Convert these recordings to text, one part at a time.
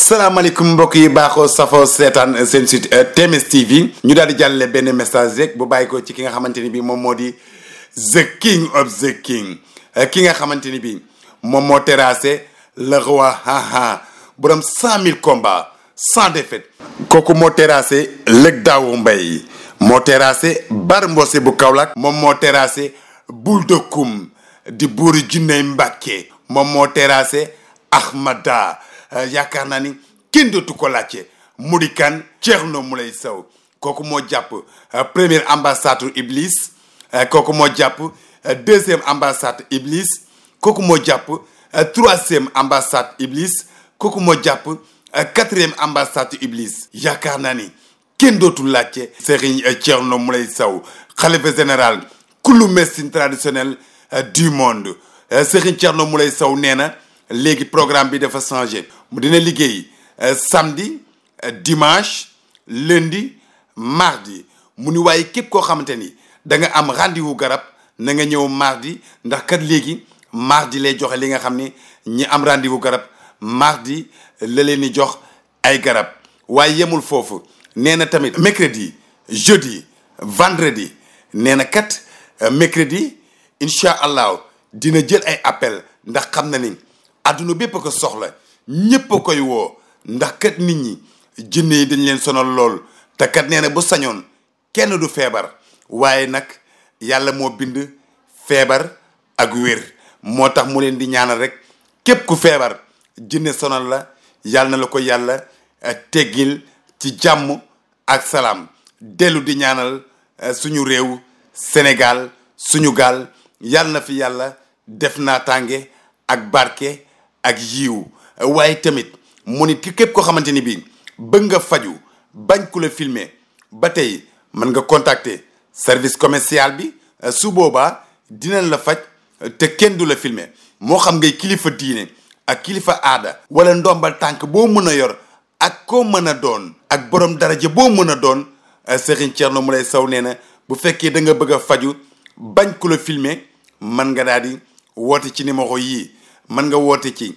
salaamaaleykum mbokk yi baaxoo safoo seetaan seen site euh, TMS TV ñu daal di jàllale benn message rek bu bàyyi ko ci ki nga xamante ni bii moom moo di the king of the euh, nga xamante ni bii moom moo terrassé le roi haha borom cent mille combats sans défaite. kooku moo terrassé Lëg Daawu Mbay moo terrassé Bar Mbose bu Kaolack. moom moo terrassé Bul Dokum di buuri Junney Mbàkke moom moo terrassé Ahmada. Euh, yaakaar naa ni kenn dootu ko laajte mu di kan Thierno Moulay Sow kooku moo jàpp euh, premier euh, ambassadeur Iblis kooku moo jàpp deuxième ambassade Iblis kooku moo jàpp troisième ambassade Iblis kooku moo jàpp quatrième ambassade Iblis yaakaar naa ni kenn dootul laajte Serigne Thierno Moulay Sow xalifa général kullu médecine traditionnelle du monde Serigne Thierno Moulay Sow nee na léegi programme bi dafa changé mu dina liggéey euh, samedi euh, dimanche lundi mardi mu ni waaye képp koo xamante ni da nga am rendez garab na nga ñëw mardi ndax kat léegi mardi lay joxe li nga xam ni ñi am rendez garab mardi la leen di jox ay garab waaye yemul foofu nee na tamit mercredi jeudi vendredi nee na kat euh, mercredi incha allah dina jël ay appel ndax xam na ni àdduna bépp ko soxla ñépp koy woo ndax kat nit ñi jinne yi dañ leen sonal lool te kat nee na bu sañoon kenn du feebar waaye nag yàlla moo bind feebar ak wér moo tax mu leen di ñaanal rek képp ku feebar jinne sonal la yàlla na la ko yàlla eh, teggil ci jàmm ak salaam dellu di ñaanal eh, suñu réew senegal suñu gaal yàlla na fi yàlla def naa tànge ak barke ak yiiw waaye tamit mu nit ki képp koo xamante ni bii bëgg nga faju bañ ku la filmer ba tey mën nga contacter service commercial bi euh, su boobaa dinañ la faj te kenn du la filmer moo xam ngay kilifa diine ak kilifa aada walla ndombal tànk boo mën a yor ak koo mën a doon ak borom daraja boo mën a doon euh, Serigne na Moulay Sow nee na bu fekkee da nga bëgg faju bañ ku la filmer mën nga daadi woote ci numéro yii mën nga woote ci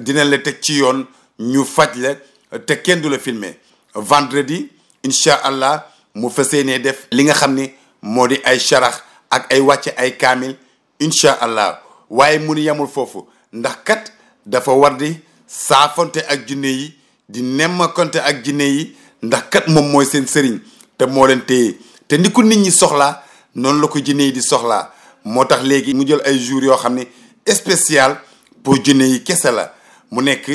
dinañ la teg ci yoon ñu faj la te kenn du la filmer vendredi incha allah mu fesee ne def li nga xam ni moo di ay sharax ak ay wàcce ay kaamil incha allah waaye mu ni yamul foofu ndax kat dafa war di saafonte ak jinne yi di nemmakonte ak jinne yi ndax kat moom mooy seen sëriñ te moo leen téye te ni ku nit ñi soxla noonu la ko jinne yi di soxlaa moo tax léegi mu jël ay jours yoo xam ni spécial pour jinne yi kese la mu nekk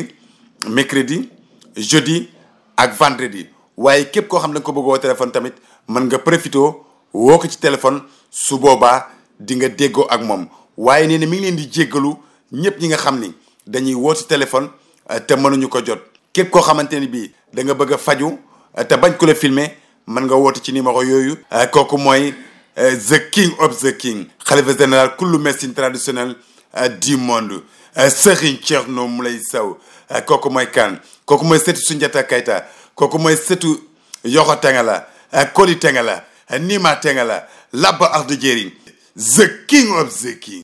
mercredi jeudi ak vendredi waaye képp koo xam ne da ko bëgg woo téléphone tamit mën nga profité woo ko ci téléphone su boobaa di nga déggoo ak moom waaye nee na mi ngi leen di jéggalu ñëpp ñi nga xam ni dañuy woo ci téléphone eh, te mënuñu ko jot. képp koo xamante ni bii da nga bëgg a faju eh, te bañ ko la filmer mën nga woote ci numéro yooyu. Eh, kooku mooy the king of the king. xalifa général kullu médecine traditionnelle. Euh, du monde euh, Serigne Thierno Moulay Sow euh, kooku mooy kan kooku mooy setu Sunjata Kayta kooku mooy setu Yoro Tengala Koli Tengala Nima Tengala Labba Ardo Diering the king of the